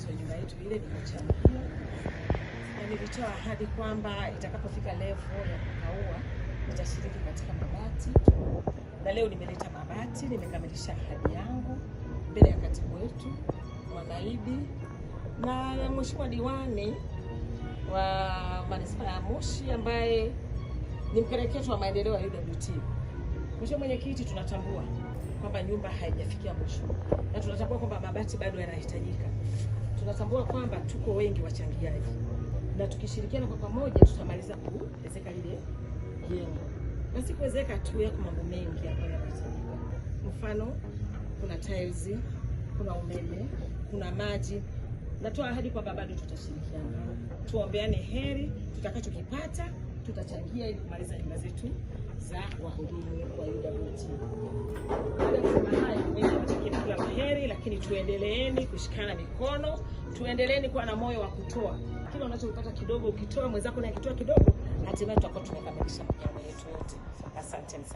ujenzi wa nyumba yetu ile nilichangia, na nilitoa ahadi kwamba itakapofika levo ya kukaua nitashiriki katika mabati, na leo nimeleta mabati, nimekamilisha ahadi yangu mbele ya katibu wetu Mwanaidi na mheshimiwa diwani wa manispaa ya Moshi ambaye ni mkereketo wa maendeleo ya UWT. Mheshimiwa Mwenyekiti, tunatambua kwamba nyumba haijafikia mwisho na tunatambua kwamba mabati bado yanahitajika tunatambua kwamba tuko wengi wachangiaji na tukishirikiana kwa pamoja tutamaliza kuwezeka lile jengo, na si kuwezeka tu, yako mambo mengi ambayo yanahitajika. Mfano, kuna tiles, kuna umeme, kuna maji. Natoa ahadi kwamba bado tutashirikiana, tuombeane heri, tutakachokipata tutachangia ili kumaliza nyumba zetu za wahudumu wa UWT lakini tuendeleeni kushikana mikono, tuendeleeni kuwa na moyo wa kutoa kile unachopata kidogo, ukitoa mwenzako na kitoa kidogo, hatimaye tutakuwa tunakamilisha jambo yetu yote. Asante.